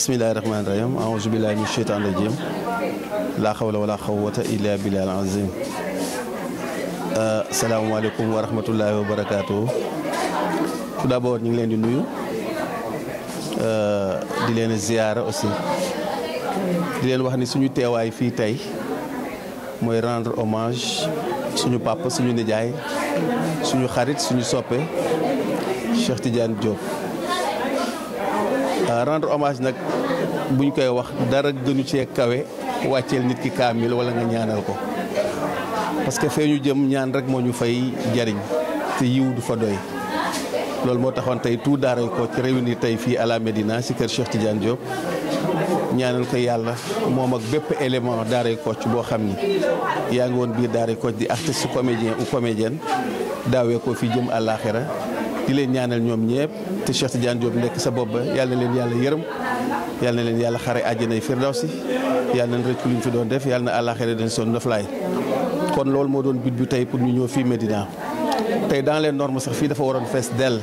bismillahi rahmaani rahim aouzu billahi min cheytaan rajim laa xawla wala xawwata illa billahi al azim uh, asalaamaaleykum wa rahmatullahi wa barakaatu tout d'abord ñu ngi leen di nuyu uh, di leen ziyaara aussi di leen wax ni suñu teewaay fii tey mooy rendre hommage suñu papa suñu nijaay suñu xarit suñu soppe Cheikh Tidiane Diop Euh, rendre hommage nag buñ koy wax dara gënu cee kawe wàcceel nit ki kaamil wala nga ñaaneel ko parce que fee ñu jëm ñaan rek moo ñu fay jariñ te yiw du fa doy loolu moo taxoon tey tout daaray ko ci tey fii à la Médina si kër Cheikh Tidiane Diop ñaanal ko yàlla moom ak bépp élément daaray Kocc boo xam ni yaa ngi woon biir daaray Kocc di artiste comédien ou comédienne daawee ko fi jëm àllaaxira di leen ñaanal ñoom ñëpp te Cheikh Tidiane Diop nekk sa bopp ba yàlla na leen yàlla yërëm yàlla na leen yàlla xare àjjanay firdawsi yàlla na rëccu luñ doon def yàlla na àllaaxira dañ son noflaay kon loolu moo doon but bi pour ñu ñëw fii Médina tey dans les normes sax fii dafa waroon fees dell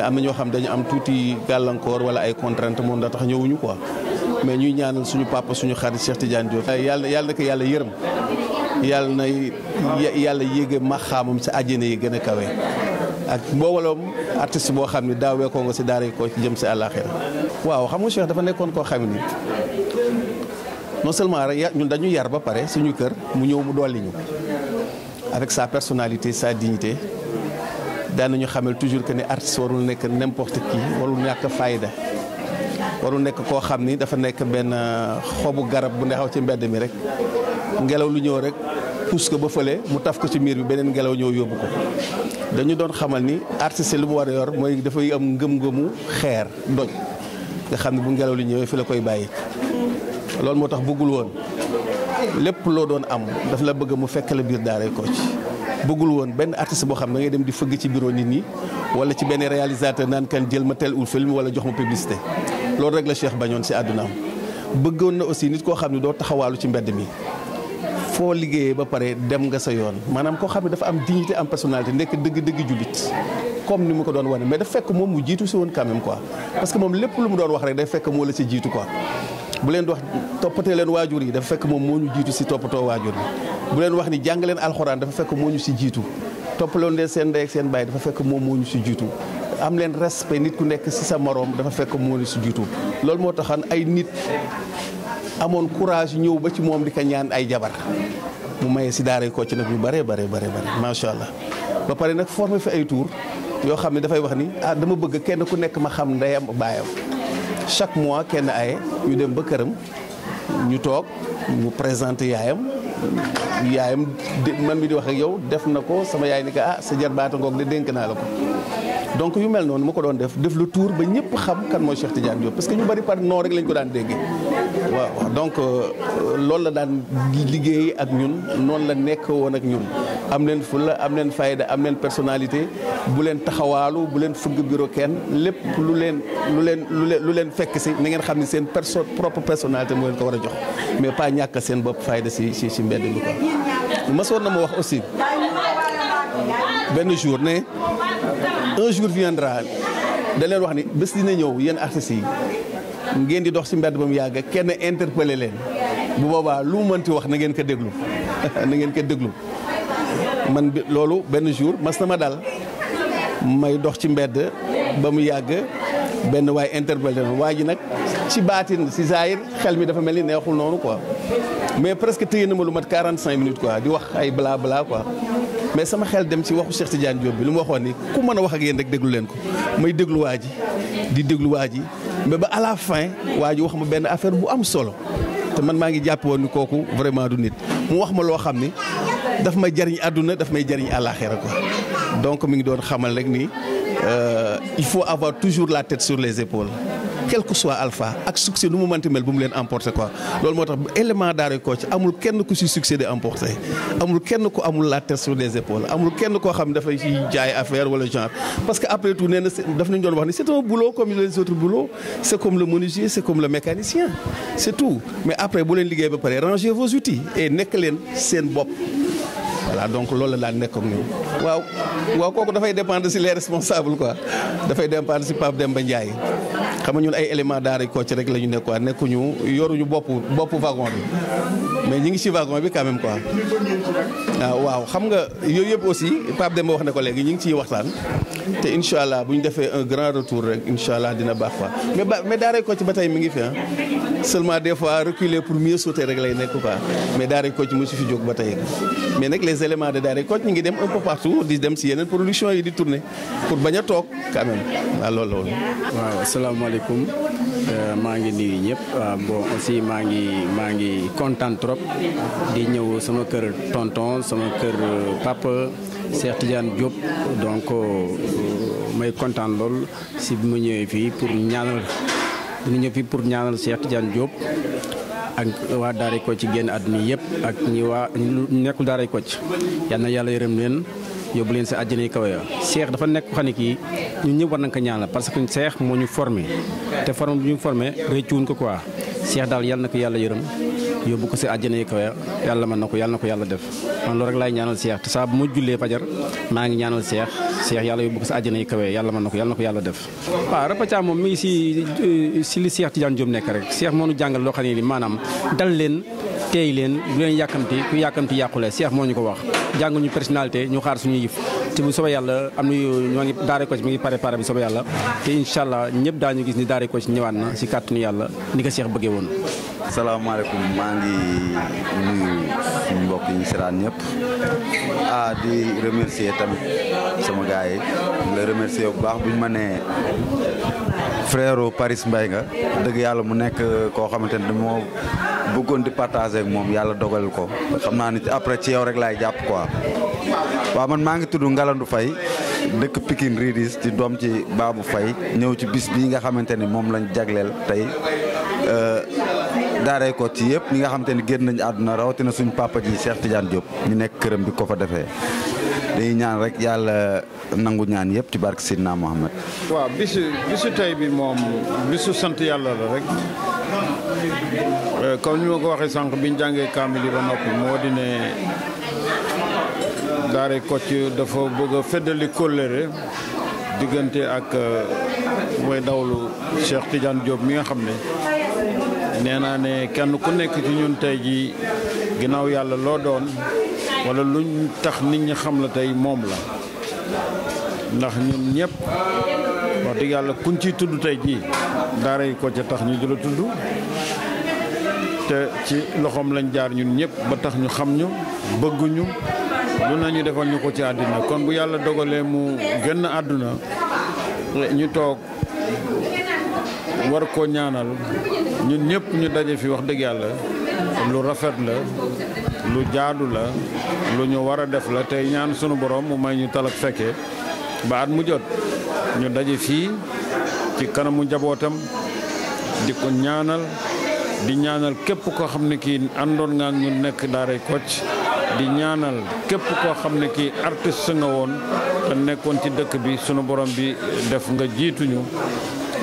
am na ñoo xam dañu am tuuti gàllankoor wala ay contrainte moom daa tax ñëwuñu quoi mais ñuy ñaanal suñu papa suñu xarit Cheikh Tidiane Diop. yàlla yàlla na ko yàlla yërëm yàlla na yàlla yéege maxaamam sa àjjana yi gën a kawe ak mbooloom artiste boo xam ni daaw weekoo nga si daara ko ci jëm si àllaaxira waaw xam nga Cheikh dafa nekkoon koo xam ni non seulement rek ñun dañu yar ba pare suñu kër mu ñëw mu dolli ñu avec sa personnalité sa dignité daan nañu xamal toujours que ni artiste warul nekk n'importe qui warul ñàkk fayda warul nekk koo xam ni dafa nekk benn xobu garab bu ne ci mbedd mi rek ngelaw lu ñëw rek. pousse ko ba fële mu taf ko ci miir bi beneen ngelaw ñëw yóbbu ko dañu doon xamal ni artiste lu mu war yor mooy dafay am ngëm-ngëmu xeer doj nga xam ne bu ngelaw li ñëwee fi la koy bàyyi loolu moo tax bëggul woon lépp loo doon am daf la bëgg mu fekk la biir ko ci bëggul woon benn artiste boo xam da ngay dem di fëgg ci bureau nit ñi wala ci benn réalisateur naan kan jël ma tel ou film wala jox ma publicité loolu rek la Cheikh bañoon si àddunaam bëggoon na aussi nit koo xam ne doo taxawaalu ci mbedd mi foo liggéeyee ba pare dem nga sa yoon maanaam ko xam ne dafa am dignité am personnalité nekk dëgg-dëgg jullit comme ni mu ko doon wane mais dafa fekk moom mu jiitu si woon quand même quoi parce que moom lépp lu mu doon wax leen di wax leen waajur yi dafa fekk moom moo ñu jiitu si toppatoo waajur yi bu leen wax ni jàng leen alxuraan dafa fekk moo ñu si jiitu toppaloon leen seen ndey ak seen baay dafa fekk moom moo ñu si jiitu am leen respect nit ku nekk si sa moroom dafa fekk moo ñu si jiitu loolu moo taxan ay nit amoon courage ñëw ba ci moom di ko ñaan ay jabar mu maye si daaray Kocc nag ñu bare bare bare bare macha allah ba pare nag formé fi ay tour yoo xam ne dafay wax ni ah dama bëgg kenn ku nekk ma xam ndeyam baayam chaque mois kenn aye ñu dem ba këram ñu toog mu présenté yaayam yaayam man mi di wax ak yow def na ko sama yaay ni ko ah sa jarbaata ngoog de dénk naa la ko donc yu mel noonu ma ko doon def def le tour ba ñëpp xam kan mooy Cheikh Tidiane Diop parce que ñu bari par non rek lañ ko daan déggee waaw donc euh, loolu la daan liggéey ak ñun noonu la nekk woon ak ñun am leen fulla am leen fayda am leen personalité bu leen taxawaalu bu leen fëgg bureau kenn lépp lu leen lu leen lu leen fekk si na ngeen xam ne seen perso propre personnalité moo leen ko war a jox mais pas ñàkk seen bopp fayda si si si mbedd bi quoi masoon na ma wax aussi benn jour ne un jour viendra da leen wax ni bés dina ñëw yéen artistes yi ngeen di dox ci mbedd ba mu yàgg kenn interpellé leen bu boobaa lu mu ti wax na ngeen ko déglu na ngeen ko déglu man bi loolu benn jour mas na ma dal may dox ci mbedd ba mu yàgg benn waay interpellé na waa ji nag ci baatin si zaahir xel mi dafa mel ni neexul noonu quoi mais presque te na ma lu mat cinq minutes quoi di wax ay bla bla quoi mais sama xel dem ci waxu Cheikh Tidiane Diop bi lu ma waxoon ni ku mën a wax ak yéen rek déglu leen ko may déglu ji di déglu ji mais à la fin waa ji ben affaire bu am solo te man maa ngi jàpp woon ni vraiment du nit mu wax lo xamni daf may jariñ aduna daf may jariñ àllaaxira quoi donc mi ngi doon xamal rek ni euh il faut avoir toujours la tête sur les épaules quel que soit alpha avec succès nous ne manti mel bu emporter quoi loolu moo élément Daaray nous amul kenn ku si succès de emporté amul kenn ku amul la tête sur les épaules amul kenn koo xam ne faire des jaay affaire wala genre parce qu'après tout nous daf c'est un boulot comme les autres boulots c'est comme le menuisier c'est comme le mécanicien c'est tout mais après vous voulez ranger vos outils et nekk leen sen bopp voilà donc loolu la daan nekk ak waaw waaw kooku dafay dépendre si les responsables quoi dafay dépendre si Pape Demba Ndiaye xam nga ñun ay élément daara Kocc rek la ñu nekk quoi nekkuñu yoruñu bopp bopp wagon bi mais ñi ngi si vagon bi quand même quoi Ah, waaw xam nga yooyu aussi Pape Demba wax na ko léegi ñu ngi ciy waxtaan te inshallah, allah bu ñu un grand retour rek incha dina baax quoi mais ba mais daaray Kocc ba tey mi ngi fi hein, seulement des fois reculer pour mieux sauter rek lay nekk quoi mais daaray Kocc mu si fi jóg ba mais nag les éléments de daaray Kocc ñu ngi dem un peu partout di dem si yeneen production yi di tourner pour bañ a toog quand même waaw loolu loolu. waaw asalaamaaleykum euh, maa ngi nuyu ñëpp ah, bon aussi maa ngi maa ngi kontaan trop di ñëw sama kër tontons sama kër euh, papa Cheikh Tidiane jóob donc euh, may kontaan lool si bi mu ñëwee fii pour ñaanal bi ma ñëw fii pour ñaanal Cheikh Tidiane jóob ak waa Daara Kocc ci génn àdduna yëpp ak ñi waa ñu nekkul Daara Kocc yal na yàlla yërëm leen yóbbu leen si àjjana yi kaw ya Cheikh dafa nekk xam ne kii ñun ñëpp war nañ ko ñaanal parce que Cheikh moo ñu formé te formé bu ñu formé rëccuwuñ ko quoi. Cheikh daal yal na ko yàlla yërëm yóbbu ko si àjjana yi kawe yàlla mën na ko yàlla na ko yàlla def man rek laay ñaanal Cheikh te saa ba ma jullee fajar maa ngi ñaanal Cheikh Cheikh yàlla yóbbu ko si àjjana yi kawe yàlla mën na ko yàlla na ko yàlla def. waaw Rapathia moom mi ngi si eh, si li Cheikh Tidiane Diop nekk rek Cheikh moo nu jàngal loo xam ne nii maanaam dal leen teey leen bu leen yàkkamti ku yàkkamti yàqule Cheikh moo ñu ko wax jànguñu personnalité ñu xaar suñu yëf ci bu soobee yàlla am nañu ñoo ngi Daaray Kocc mi ngi préparé bu soobee yàlla te incha allah ñëpp daañu gis ni Daaray Kocc ñëwaat na si kàttanu yàlla ni ko Cheikh bëggee woon. salaamaaleykum maa ngi nuyu mbokk i ñu seetaan ñëpp ah di remercier tamit sama gars yi di bu baax bu ñu ma nee frère Paris Mbaye nga dëgg yàlla mu nekk koo xamante ne moo. bëggoon di partager ak moom yàlla dogal ko xam naa ni après ci yow rek laay jàpp quoi. waaw man maa ngi tudd Ngalandou fay dëkk Pikine Ridis ci doom ci Babou Faye ñëw ci bis bii nga xamante ni moom lañ jagleel tey. Euh, daaree ko ci yëpp ñi nga xamante ni génn nañu àdduna rawatina suñu papa ji Cheikh Tidiane Diop ñu nekk këram bi ko fa defee dañuy ñaan rek yàlla nangu ñaan yëpp ci barke Sidna Mohamed. waaw bisu tey bi moom bisu sant yàlla la rek. Euh, comme ni ma ko waxee sànq biñ jàngee kaamil yi ba noppi moo di ne daare Kocc dafa bëgg a feddali kóllëre diggante ak way euh, dawlu Cheikh Tidiane Diop mi nga xam ne nee naa ne kenn ku nekk ci ñun tey ji ginnaaw yàlla loo doon wala luñ tax nit ñi xam la tey moom la ndax ñun ñëpp wax dëgg yàlla kuñ ciy tudd tey jii dara yi ko ci tax ñu jël tuddu té ci loxom lañ jaar ñun ñëpp ba tax ñu xam ñu ñu lu nañu defal ñu ko ci aduna kon bu yalla dogalé mu génn aduna ñu tok war ko ñaanal ñun ñëpp ñu daje fi wax dëgg yalla lu rafet la lu jaadu la lu ñu wara def la tey ñaan sunu borom mu may ñu talak fekke ba mu jot ñu daje fi ci kanamu njabootam di ko ñaanal di ñaanal képp koo xam ne kii àndoon nga ñu nekk daaray Kocc di ñaanal képp koo xam ne kii artiste nga te nekkoon ci dëkk bi sunu borom bi def nga jiituñu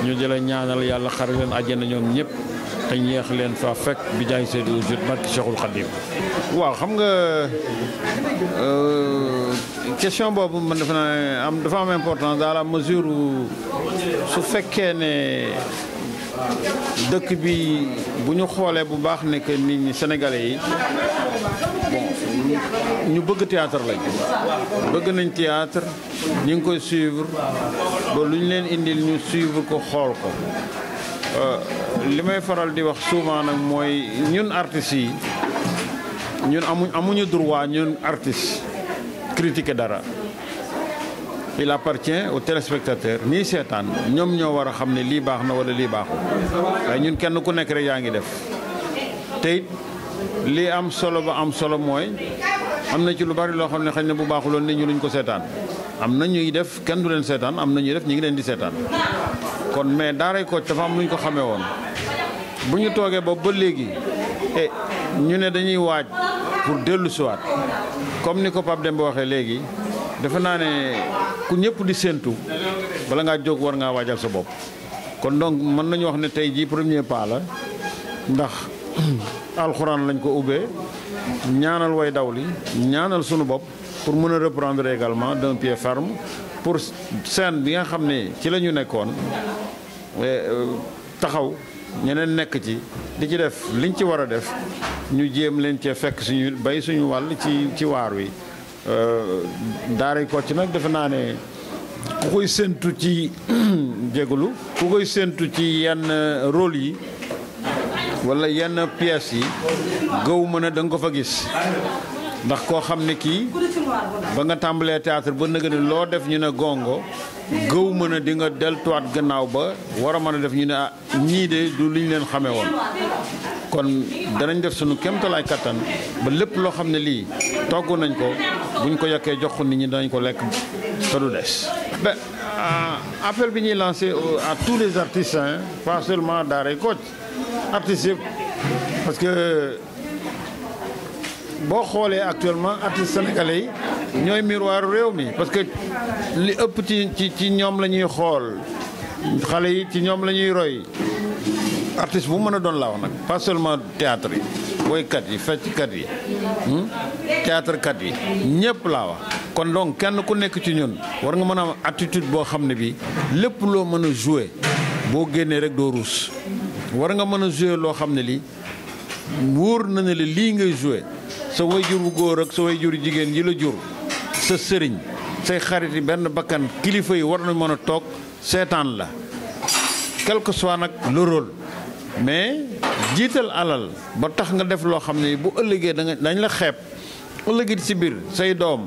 ñu jëla ñaanal yàlla xar leen àjjana ñoom ñëpp te ñeex leen fa fekk bi jaay seen i usur barki Cheikhul Khadim waaw xam nga euh, question boobu man dafa naa am dafa am importance dans la mesure su fekkee ne dëkk bi bu ñu xoolee bu baax ne que nit ñi sénégalais yi bon ñu bëgg théâtre lañ bëgg nañ théâtre ñu ngi koy suivre ba lu ñu leen indil ñu suivre ko xool ko. Euh, li may faral di wax souvent nag mooy ñun artistes yi ñun amuñ amuñu droit ñun artistes critiquer dara fii appartient aux téléspectateurs ñiy seetaan ñoom ñoo war a xam ne lii baax na wala lii baaxu waaye ñun kenn ku nekk rek yaa ngi def tey lii am solo ba am solo mooy am na ci lu bari loo xam ne xëy na bu baaxuloon nit ñu luñ ko seetaan am na ñuy def kenn du leen seetaan am na ñuy def ñu ngi leen di seetaan kon mais daaray Kocc dafa am lu ko xamee woon buñu togué ba ba légui e eh, ñu né dañuy waaj pour ci waat comme ni ko Pape Demba waxé légui dafa nané ku ñëpp di sentu bala nga jog war nga waajal sa bop kon donc mën nañ wax né tay ji premier pas la ndax alcorane lañ ko ubé ñaanal way dawli ñaanal suñu pur pour mëna reprendre également d'un pied ferme pour scène bi nga xamné ci lañu ñeneen nekk ci li ci def liñ ci war a def ñu jéem leen cee fekk suñu bay suñu wàll ci ci waar wi euh, daaray Kocc nag defe naa ne ku koy séentu ci jégalu ku koy séentu ci yenn rôle yi wala yenn pièces yi gëw mën a da nga ko fa gis ndax koo xam ne kii ba nga tàmbalee théâtre ba nga ne loo def ñu ne gongo gëw mën a di nga deltuwaat gannaaw ba war a mën a def ñu ne ah ñii de du li leen xamee woon. kon danañ def sunu kéemtalaay kattan ba lépp loo xam ne lii togg nañ ko buñ ko yokkee jox nit ñu danañ ko lekk te du des. ba euh, appel bi ñuy lancé à tous les artistes pas seulement Daaray Kocc artistes boo xoolee actuellement artistes sénégalais yi ñooy miroir réew mi parce que li ëpp ci ci ci ñoom la ñuy xool xale yi ci ñoom lañuy roy artiste bu mën a doon laaw nag pas seulement théâtre yi woykat yi fecckat yi hmm, théâtre kat yi ñëpp laa wax kon donc kenn ku nekk ci ñun war nga mën a am attitude boo xam ne bi lépp loo mën a jouer boo génnee rek doo ruus war nga mën a jouer loo xam ne lii wóor na ne lii ngay jouer sa wayjur bu góor ak sa wayjur jigéen yi la jur sa sëriñ say xarit yi benn bakkan kilifa yi war na mën a toog seetaan la quel que soit nag le mais jiital alal ba tax nga def loo xam ne bu ëllëgee da nga dañ la xeep ëllëgit si biir say doom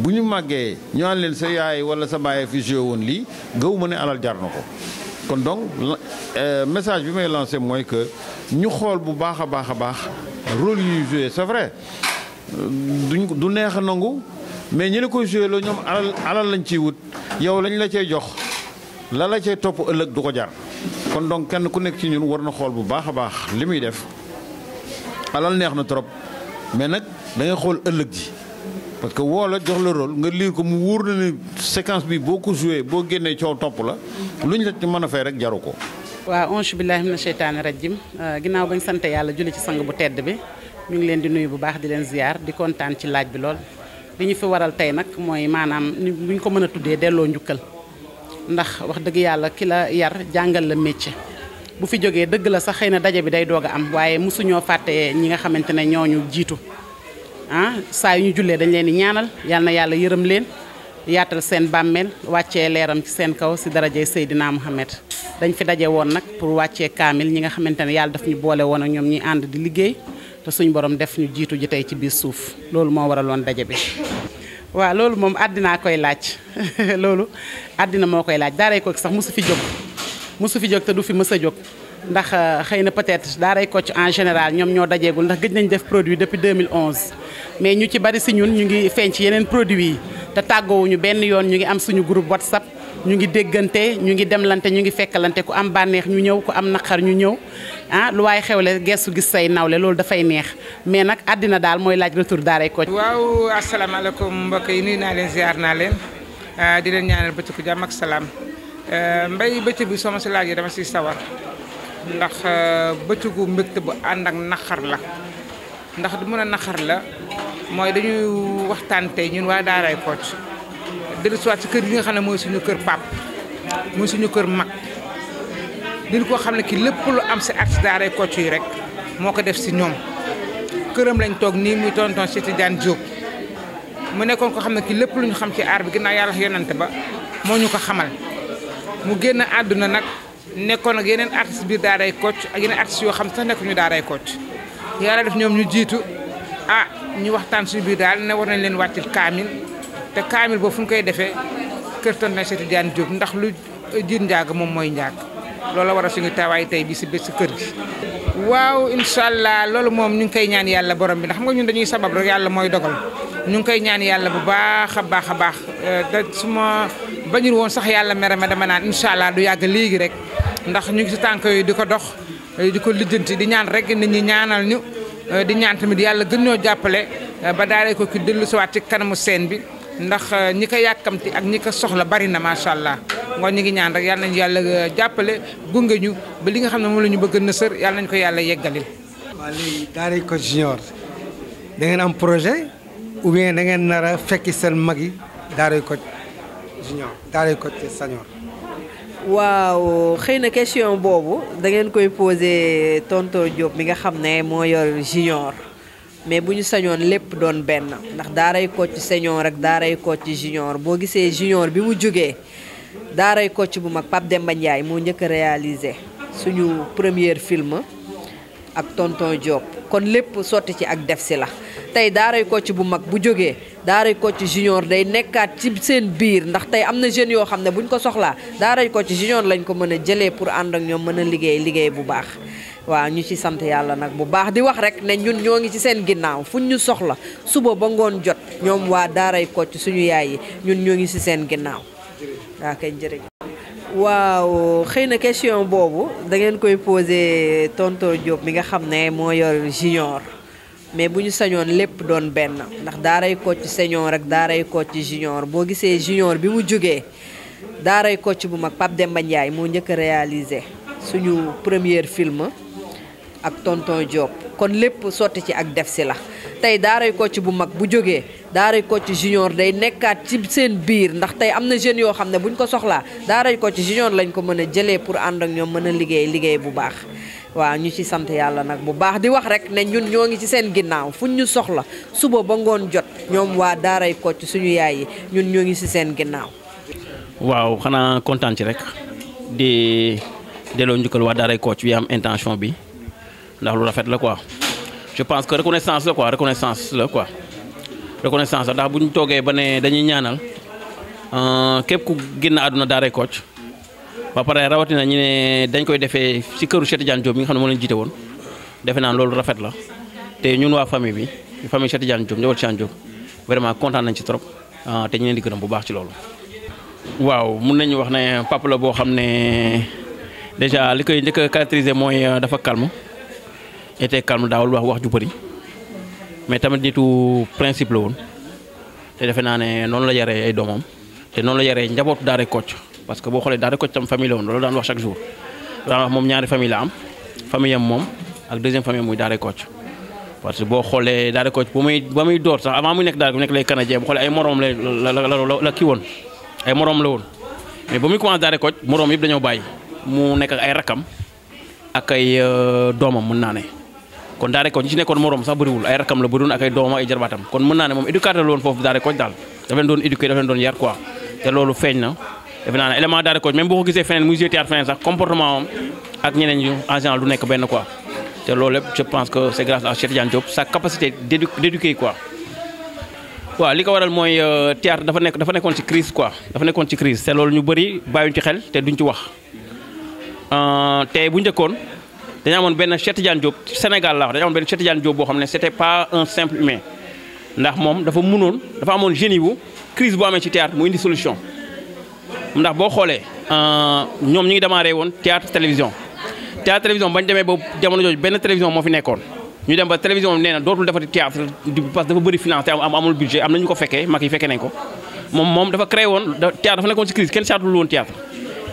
bu ñu màggee ñaan leen sa yaay wala sa baay fi woon lii gaw ma ne alal jar na ko kon donc euh, message bi may lancé mooy que ñu xool bu baax a baax a baax rôle yuy joué c'est vrai duñ du neex a nangu mais ñi la koy joué la ñoom alal alal lañ ciy wut yow lañ la cee jox la la cee topp ëllëg du ko jar kon donc kenn ku nekk ci ñun war na xool bu baax a baax li muy def alal neex na trop mais nag da xool ëllëg ji parce que woo la jox la rôle nga liir ko mu wóor na ne séquence bi boo ko joué boo génnee coow topp la luñ la ci mën a fay rek jaru ko. waaw ange billahi mina sheytaani rajim euh, ginnaaw bañ sant yàlla julli ci sang bu tedd bi ñu ngi leen di nuyu bu baax di leen ziar di kontaan ci laaj bi lool li ñu fi waral tey nag mooy maanaam bu ñu ko mën a tuddee delloo njukkal ndax wax dëgg yàlla ki la yar jàngal la métier bu fi jógee dëgg la sax xëy na daje bi day doog a am waaye mosuñoo fàtte ñi nga xamante ne ñu jiitu ah saa yu ñu jullee dañ leen di ñaanal yal na yàlla yërëm leen yaatal seen bàmmeel wàccee leeram seen kaw si darajey Seydina Muhammad dañ fi daje woon nag pour wàccee kaamil ñi nga xamante ne yàlla daf ñu boole woon ak ñoom ñuy ànd di liggéey te suñ borom def ñu jiitu ji tey ci biir suuf loolu moo waraloon daje bi. wa loolu moom adina koy laaj loolu adina moo koy laaj daaray ko sax mosu fi jóg mosu fi jóg te du fi mës a jóg ndax euh, xëy na peut-être daaray ci en général ñoom ñoo dajeegul ndax gëj nañ def produit depuis 2011. mais ñu ci bari si ñun ñu ngi fenc yeneen produit yi te tàggoowuñu benn yoon ñu ngi am suñu groupe WhatsApp. ñu ngi déggante ñu ngi demlante ñu ngi fekkalante ku am bànneex ñu ñëw ku am naqar ñu ñëw ah lu waaye xewle gestu gis say nawle loolu dafay neex mais nag àddina daal mooy laaj retour daaray Kocc waaw asalaamaaleykum mbokk yi nuyu naa leen ziar naa leen ah, di leen ñaanal bëccëgu jàmm ak salaam ah, mbay bëccëg bi soo ma si laajee dama siy sawar ndax ah, bëccëgu mbégte bu ànd ak naqar la ndax du mën a naqar la mooy dañuy waxtaan tey ñun waa daaray Kocc dellu si waat si kër yi nga xam ne mooy suñu kër pap mooy suñu kër mag dina ko xam ne kii lépp lu am si artiste daaray Kocc yi rek moo ko def si ñoom këram lañ toog nii muy tonton Cheikh jaan Diop mu nekkoon ko xam ne ki lépp lu ñu xam ci aar bi ginnaaw yàlla yonante ba moo ñu ko xamal mu génn àdduna nag nekkoon ak yeneen artiste biir daaray Kocc ak yeneen artiste yoo xam sax nekkuñu daaray Kocc yàlla def ñoom ñu jiitu ah ñu waxtaan si biir daal ne war nañ leen wàccil kaamil te kaamil ba fu ñu koy defee kër Tonton Cheikh Tidiane Diop ndax lu jiit njaag moom mooy njaag loola waral suñu tawaay tey bi si bés si kër gi. waaw incha allah loolu moom ñu ngi koy ñaan yàlla borom bi ndax xam nga ñun dañuy sabab rek yàlla mooy dogal ñu ngi koy ñaan yàlla bu baax a baax a baax eh, da su ma bañul woon sax yàlla mere ma dama naan incha allah du yàgg léegi rek ndax ñu ngi si tànk yooyu di ko dox eh, di ko lijjanti di ñaan rek nit ñi ñaanal ñu eh, di ñaan tamit yàlla gën ñoo jàppale ba daal ko ki dellu siwaat ci kanamu seen bi. ndax euh, ñi ko yàkkamti ak ñi ko soxla bari na macha allah ngoon ñi ngi ñaan rek yàlla nañu yàlla euh, jàppale gunge ñu ba li nga xam ne moom la ñu bëgg na sër yàlla nañu ko yàlla yeggalil. waaw ko Daaray Junior da ngeen am projet ou da ngeen nar a fekki seen mag yi Daaray Kocc Junior Daaray Kocc Senior. waaw xëy na question boobu da ngeen koy posé tonton Diop mi nga xam ne moo yor junior. mais bu ñu sañoon lépp doon benn ndax daaray Kocc senior rek daaray Kocc junior boo gisee junior bi mu jógee daaray Kocc bu mag Pape Demba Ndiaye moo njëkk a suñu premier film ak tonton Diop kon lépp sotti ci ak def si la tey daaray Kocc bu mag bu jógee daaray Kocc junior day nekkaat ci seen biir ndax tey am na jeunes yoo xam ne buñ ko soxlaa daaray Kocc junior lañ ko mën jëlee pour ànd ak ñoom mën a liggéey liggéey bu baax waaw ñu ci sant yàlla nag bu baax di wax rek ne ñun ñoo ngi ci seen ginnaaw fuñ ñu soxla suba ba ngoon jot ñoom waa daaray Kocc suñu yaay yi ñun ñoo ngi ci seen ginnaaw waaw kay jërëjëf waaw xëy na question boobu da ngeen koy posé tonton Diop mi nga xam ne moo yor junior mais bu ñu sañoon lépp doon benn ndax daaray Kocc senior rek daaray Kocc junior boo gisee junior bi mu jógee daaray Kocc bu mag Pape Demba Ndiaye moo njëkk a réalisé suñu premier film ak tonton Diop kon lépp sotti ci ak def si la tey daaray Kocc bu mag bu jógee daaray Kocc junior day nekkaat ci seen biir ndax tey am na jeunes yoo xam ne buñ ko soxlaa daaray Kocc junior lañ ko mën a jëlee pour ànd ak ñoom mën a liggéey liggéey bu baax. waaw ñu ci sant yàlla nag bu baax di wax rek ne ñun ñoo ngi ci seen ginnaaw fuñ ñu soxla suba ba ngoon jot ñoom waa daaray Kocc suñu yaay yi ñun ñoo ngi ci seen ginnaaw. waaw xanaa kontaan ci rek di delloo njukkal waa daaray Kocc bi am intention bi. ndax lu rafet la quoi je pense que reconnaissance la quoi reconnaissance la quoi reconnaissance la ndax bu ñu toogee ba ne dañuy ñaanal euh, képp ku génn àdduna daaray Kocc ba pare rawatina ñu ne dañ koy defee ci këru Cheikh Tidiane Diop nga xam ne moo leen jiite woon defe naan loolu rafet la te ñun waa famille bi famille Cheikh Tidiane Diop njaboot Cheikh Diop vraiment kontaan nañ ci trop ah, te ñu leen di gërëm bu baax ci loolu. waaw mun nañu wax ne papa la boo xam ne déjà li koy njëkk a caractériser mooy euh, dafa calme. était calme daawul wax wax ju bëri mais tamit nitu principe la woon te defe naa ne noonu la yare ay doomam te noonu la yaree njaboot Daara Kocc parce que boo xoolee Daara Kocc tam famille la woon loolu daan wax chaque jour daan moom ñaari famille la am famille am moom ak deuxième famille muy Daara parce que boo xoolee Daara muy ba muy door sax avant muy nekk Daara bu nekk lay canadien bu xoolee ay morom la la la kii woon ay morom la woon mais ba muy commencé Daara Kocc morom yëpp dañoo bàyyi mu nekk ay rakam ak ay euh, doomam mën naa ne. kon daare koñ ñi ci nekkoon morom sax bëriwul ay rakam la bëriwoon ak ay doomam ay jarbaatam kon mën naa ne moom éducateur la woon foofu daare koñ daal dafa leen doon éduquer dafa na defe naa ne élément daare koñ même boo ko ak ñeneen ñu en nekk benn quoi te loolu lépp je pense que c'est grâce à Cheikh Tidiane Diop sa capacité waaw li ko waral mooy euh, théâtre dafa nekk dafa nekkoon ci crise quoi dafa nekkoon ci crise te loolu ñu bëri bàyyuñ ci xel te duñ ci wax euh, te bu njëkkoon dañu amone ben Cheikh Tidiane Diop Sénégal la wax dañu amoon benn Cheikh Tidiane Diop bo xamné c'était pas un simple humain ndax mom dafa mënoon dafa amone génie bu crise bu amé ci théâtre mo indi solution ndax bo xolé euh ñom ñi ngi démarré woon théâtre télévision théâtre télévision bañ démé bo jamono joj ben télévision mo fi nekkoon ñu dem ba télévision néna na dootul defati théâtre parce dafa bëri finance am amul budget am na ñu ko féké mag yi fekkee nañ ko mom mom dafa créé woon théâtre dafa nekkoon ci crise kenn chatul woon théâtre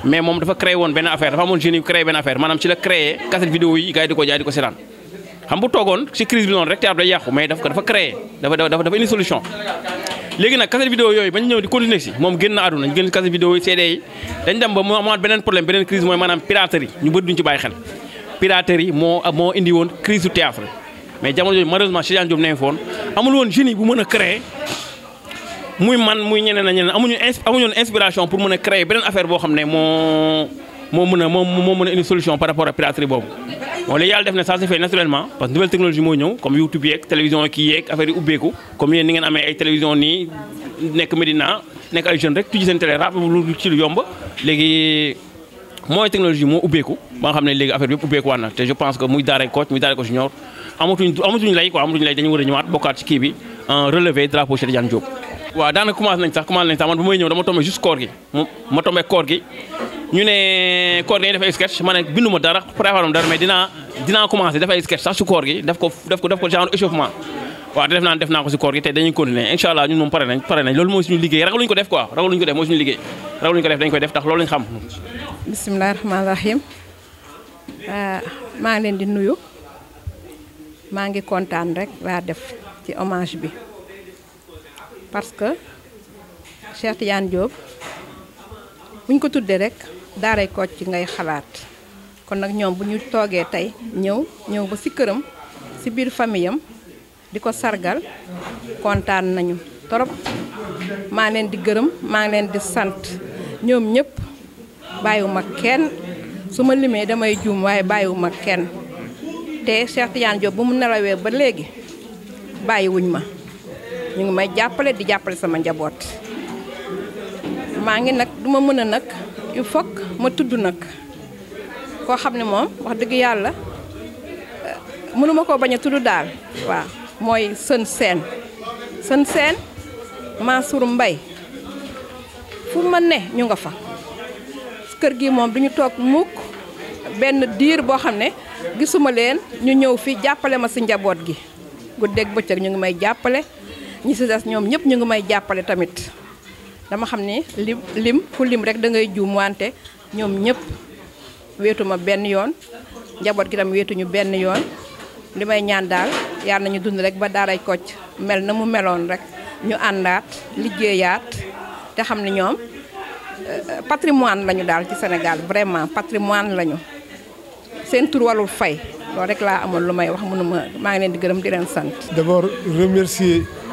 mais moom dafa créé woon benn affaire dafa amoon génie créé benn affaire maanaam ci la créé cassette vidéo yi gars di ko jaay di ko seetaan xam bu toogoon ci crise bi noonu rek théâtre day yàqu mais dafa dafa dafa dafa solution. léegi nag cassette vidéo yooyu ba ñu ñëw di continuer si moom génn na àdduna ñu génn cassette vidéo yi ñu bëri duñ ci bàyyi xel. piraterie moo moo indi woon crise du théâtre mais jamono jooju malheureusement Cheikh amul woon génie bu mën a créé muy man muy ñeneen a ñeneen amuñu ins amuñu inspiration pour mën a créer beneen affaire boo xam ne moo moo mën a moo moo mën a une solution par rapport à piraterie boobu. bon léegi yàlla def na ça se fait naturellement parce que nouvelle technologie mooy ñëw comme YouTube yeeg télévision kii yeeg affaire yi ubbeeku comme yéen ni ngeen amee ay télévision nii nekk Medina nekk ay jeunes rek tujji seen télé rap lu ci lu yomb léegi. mooy technologie moo ubbeeku ba nga xam ne léegi affaire bi yëpp ubbeeku waat na te je pense que muy daaray coach muy daaray coach junior amatuñ amatuñ lay quoi amatuñ lay dañu war a ñëwaat bokkaat ci kii bi relevé drapeau Cheikh Tidiane Diop waaw daanaka commencé nañ sax commencé nañ sax man bu may ñëw dama tombé juste koor gi ma tombé koor gi ñu ne koor gi dañuy def ay sketch ma ne bindu ma dara préparé dara mais dinaa dinaa commencé def ay sketch sax si koor gi def ko def ko def ko genre échauffement waaw def naa def naa ko si koor gi te dañuy continuer incha allah ñun moom pare nañ pare nañ loolu mooy suñu liggéey ragaluñ ko def quoi ragaluñ ko def mooy suñu liggéey ragaluñ ko def dañ koy def tax loolu lañ xam. bisimilah rahmaani rahim maa ngi leen di nuyu maa ngi kontaan rek laa def ci hommage bi. parce que Cheikh Tidiane Diop buñ ko tuddee rek daaray Kocc ngay xalaat kon nag ñoom bu ñu toogee tey ñëw ba si këram si biir famille am sargal kontaan nañu torop ma leen di gërëm maa leen di sant ñoom ñëpp bàyyiwuma kenn su ma damay juum waaye bàyyiwuma kenn te Cheikh Tidiane job bu mu nelawee ba léegi ma ñu ngi may jappalé di jappalé sama njabot ma ngi nak duma mëna nak a nag il faut ma tuddu nak ko xam mom wax dëgg yalla euh, mënuma koo baña tuddu dal wa moy sen sen sen sen Mansour Mbay fu ma ne ñu nga fa kër gi mom duñu tok mukk ben diir bo xam gisuma len ñu ñew fi jappalé ma si njabot gi guddeeg bëccëg ñu ngi may jappalé ñi si des ñoom ñëpp ñu ngi may jàppale tamit dama xam ni lim lim ku lim rek da ngay juum wante ñoom ñëpp wéetuma benn yoon njaboot gi tam wéetuñu benn yoon li may ñaan daal yàlla nañu dund rek ba daaray Kocc mel na mu meloon rek ñu àndaat liggéeyaat te xam ne ñoom euh, patrimoine lañu daal ci senegal vraiment patrimoine lañu seen tur warul fay loolu rek laa amoon lu may wax mënuma maa ngi leen di gërëm di leen sant. d'abord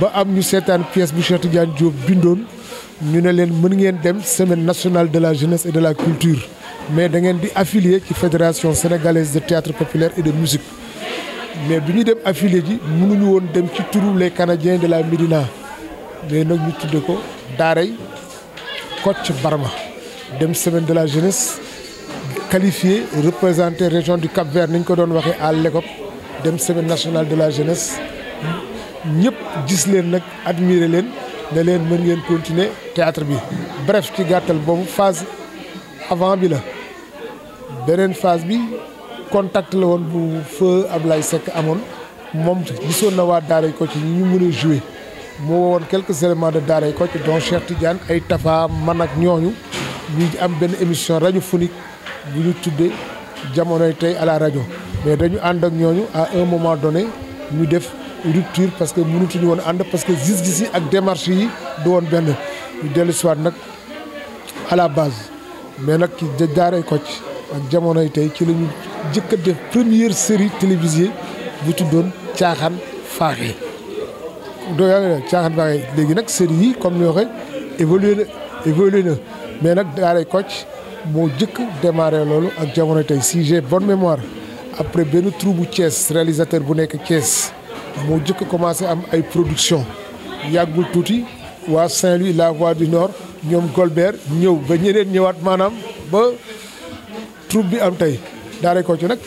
ba am ñu seetaan pièce bu Cheikh Tidiane Diop bindoon ñu ne leen ngeen dem semaine nationale de la jeunesse et de la culture mais da ngeen di affilier ci fédération sénégalaise de théâtre populaire et de musique mais bi ñu dem affilier ji mënuñu woon dem ci turu les canadiens de la Médina de nag ñu tudde ko daaray Kocc Barma dem semaine de la jeunesse qualifié représenté région du Cap-Vert ni ñu ko doon waxee à l'école dem semaine nationale de la jeunesse ñëpp gis leen nag admirer leen ne leen mën ngeen continuer théâtre bi bref ci gàttal boobu phase avant bi la beneen phase bi contact la woon bu feu Ablaye Seck amoon moom gisoon na waa Daaray ci ñi ñu mën a jouer moo wowoon quelques éléments de Daaray Kocc dont Cheikh Tidiane ay Tafa man ak ñooñu ñu am benn émission radiophonique bu ñu tuddee jamonoy tey à la rajo mais dañu ànd ak ñooñu à un moment donné ñu def rupture parce que nous woon and parce que jusqu'ici gis yi ak démarche yi du woon benn à la base mais nag ki daaray Kocc ak jamonoy tey ci la ñu jëkk a def première série télévisée bu tuddoon caaxaan faaxee faré yaa caaxaan faaxee léegi nag série yi comme le waxee évolué évolue évolué mais nag daaray coach moo jëkk démarré loolu ak jamonoy tey si j'ai bonne mémoire après benoît trou réalisateur bonnet nekk Thiès moo jëkk commencé am ay production yàggul touti wa Saint-Louis la voix du nord ñom Golbert N'yom ba ñeneen ñewat manam ba troupe bi am tey ko nous nak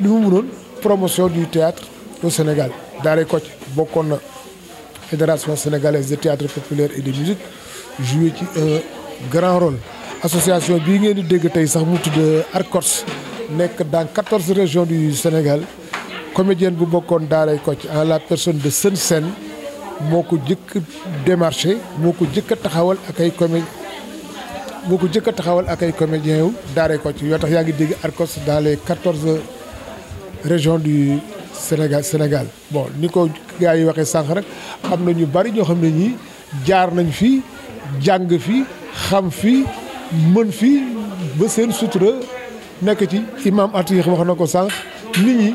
li mu promotion du théâtre au Sénégal Daaray Kocc bokkoon na fédération sénégalaise de théâtre populaire et de musique joue un grand rôle association bi ngeen di dégg tay sax mu dans 14 régions du Sénégal comédienne bu bokkoon daaray Kocc en la personne de Sën Sène moo ko jëkk démarché moo ko jëkk taxawal ak ay comé moo ko jëkk taxawal ak ay comédiens yu daaray Kocc yoo tax yaa ngi dégg Arcos dans les quatorze régions du Sénégal Sénégal bon ni ko gars yi waxee sànq rek am na ñu bari ñoo xam ne ñii jaar nañ fi jàng fi xam fi mën fi ba seen sutura nekk ci imam Atiix wax na ko sànq nit ñi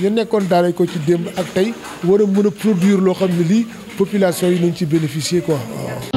ñu nekkoon daara ko ci démb ak tey war a mën a produire loo xam ne lii population yi nañ ci bénéficier quoi waaw.